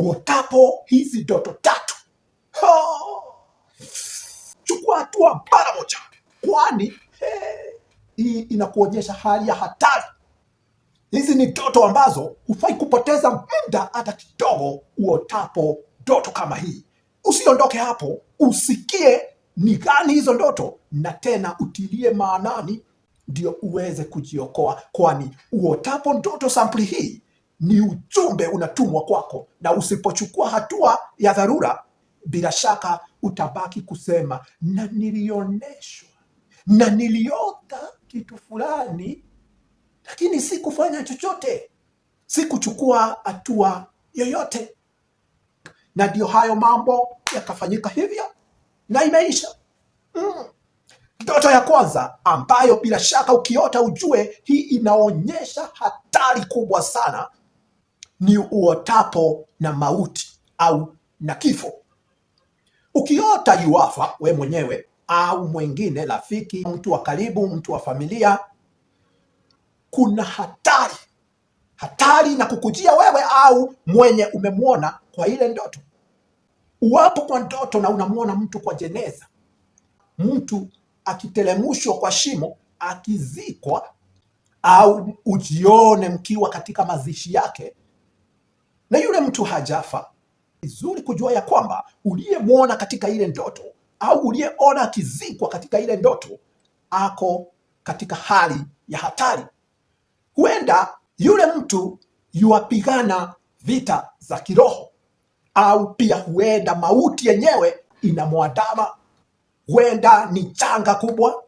uotapo hizi ndoto tatu, chukua hatua mara moja, kwani hii inakuonyesha hali ya hatari. Hizi ni ndoto ambazo hufai kupoteza muda hata kidogo uotapo ndoto kama hii. Usiondoke hapo, usikie ni gani hizo ndoto, na tena utilie maanani, ndio uweze kujiokoa, kwani uotapo ndoto sampuli hii ni ujumbe unatumwa kwako, na usipochukua hatua ya dharura, bila shaka utabaki kusema na nilioneshwa na niliota kitu fulani, lakini si kufanya chochote, si kuchukua hatua yoyote. Na ndio hayo mambo yakafanyika hivyo na imeisha. Mm. Ndoto ya kwanza ambayo bila shaka ukiota ujue hii inaonyesha hatari kubwa sana ni uotapo na mauti au na kifo. Ukiota yuafa we mwenyewe au mwingine, rafiki, mtu wa karibu, mtu wa familia, kuna hatari hatari na kukujia wewe au mwenye umemwona kwa ile ndoto. Uwapo kwa ndoto na unamwona mtu kwa jeneza, mtu akitelemushwa kwa shimo, akizikwa, au ujione mkiwa katika mazishi yake, na yule mtu hajafa. Vizuri kujua ya kwamba uliyemwona katika ile ndoto au uliyeona akizikwa katika ile ndoto ako katika hali ya hatari. Huenda yule mtu yuwapigana vita za kiroho, au pia huenda mauti yenyewe inamwandama. Huenda ni janga kubwa,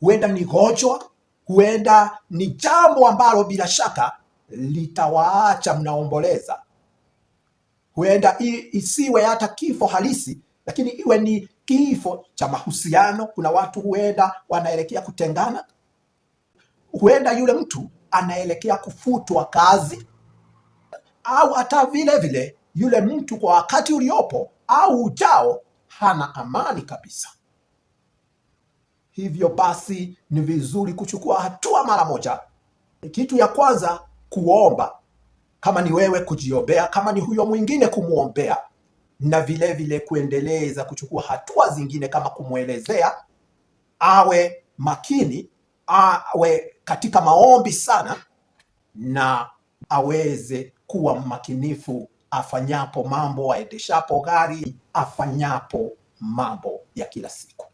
huenda ni gonjwa, huenda ni jambo ambalo bila shaka litawaacha mnaomboleza huenda isiwe hata kifo halisi, lakini iwe ni kifo cha mahusiano. Kuna watu huenda wanaelekea kutengana, huenda yule mtu anaelekea kufutwa kazi, au hata vile vile yule mtu kwa wakati uliopo au ujao hana amani kabisa. Hivyo basi ni vizuri kuchukua hatua mara moja. Kitu ya kwanza kuomba, kama ni wewe kujiombea, kama ni huyo mwingine kumwombea, na vile vile kuendeleza kuchukua hatua zingine kama kumwelezea awe makini, awe katika maombi sana, na aweze kuwa makinifu afanyapo mambo, aendeshapo gari, afanyapo mambo ya kila siku.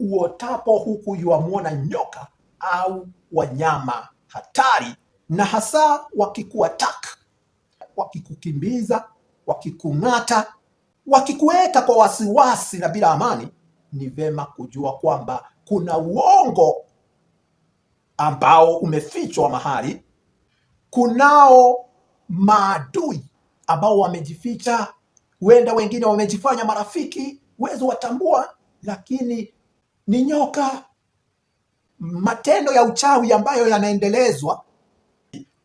Uotapo huku yuamwona nyoka au wanyama hatari, na hasa wakikuataka, wakikukimbiza, wakikung'ata, wakikuweka kwa wasiwasi na bila amani, ni vema kujua kwamba kuna uongo ambao umefichwa mahali. Kunao maadui ambao wamejificha, huenda wengine wamejifanya marafiki, huwezi watambua, lakini ni nyoka matendo ya uchawi ambayo yanaendelezwa,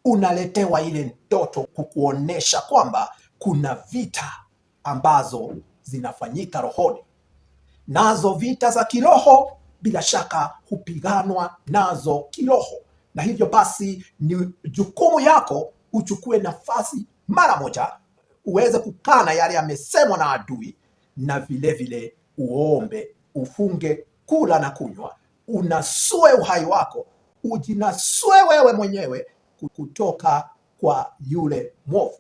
unaletewa ile ndoto kukuonesha kwamba kuna vita ambazo zinafanyika rohoni, nazo vita za kiroho bila shaka hupiganwa nazo kiroho, na hivyo basi ni jukumu yako uchukue nafasi mara moja uweze kukana yale yamesemwa na adui, na vilevile uombe, ufunge kula na kunywa unasue uhai wako, ujinasue wewe mwenyewe kutoka kwa yule mwovu.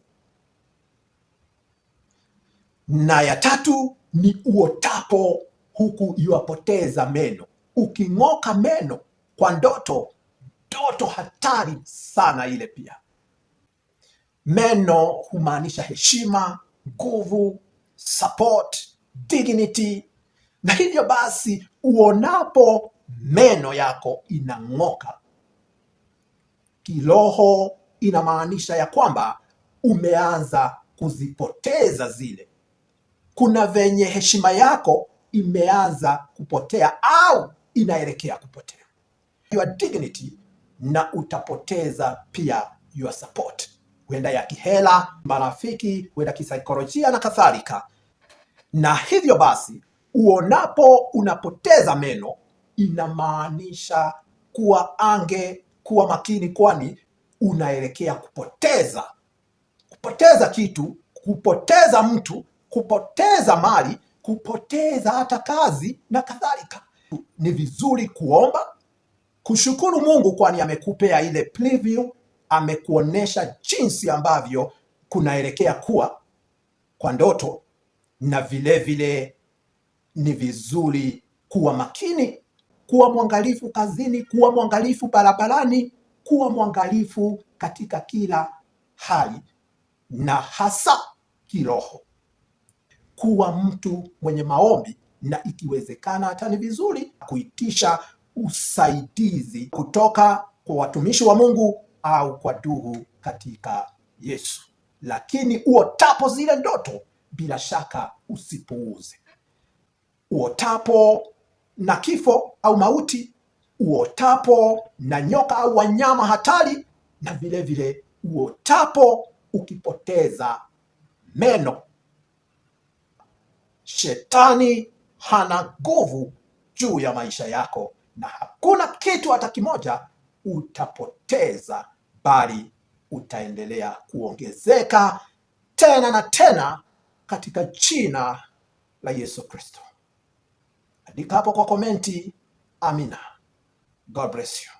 Na ya tatu ni uotapo huku iwapoteza meno. Uking'oka meno kwa ndoto, ndoto hatari sana ile pia. Meno humaanisha heshima, nguvu, support, dignity. Na hivyo basi uonapo meno yako inang'oka. Kiroho inamaanisha ya kwamba umeanza kuzipoteza zile, kuna venye heshima yako imeanza kupotea au inaelekea kupotea, your dignity, na utapoteza pia your support, huenda ya kihela, marafiki, huenda kisaikolojia na kadhalika. Na hivyo basi, uonapo unapoteza meno inamaanisha kuwa ange kuwa makini, kwani unaelekea kupoteza kupoteza kitu, kupoteza mtu, kupoteza mali, kupoteza hata kazi na kadhalika. Ni vizuri kuomba, kushukuru Mungu, kwani amekupea ile preview, amekuonesha jinsi ambavyo kunaelekea kuwa kwa ndoto, na vilevile vile ni vizuri kuwa makini kuwa mwangalifu kazini, kuwa mwangalifu barabarani, kuwa mwangalifu katika kila hali na hasa kiroho, kuwa mtu mwenye maombi na ikiwezekana hata ni vizuri kuitisha usaidizi kutoka kwa watumishi wa Mungu au kwa duhu katika Yesu. Lakini uotapo zile ndoto, bila shaka usipuuze. Uotapo na kifo au mauti, uotapo na nyoka au wanyama hatari, na vile vile uotapo ukipoteza meno. Shetani hana nguvu juu ya maisha yako, na hakuna kitu hata kimoja utapoteza, bali utaendelea kuongezeka tena na tena katika jina la Yesu Kristo. Andika hapo kwa komenti. Amina. God bless you.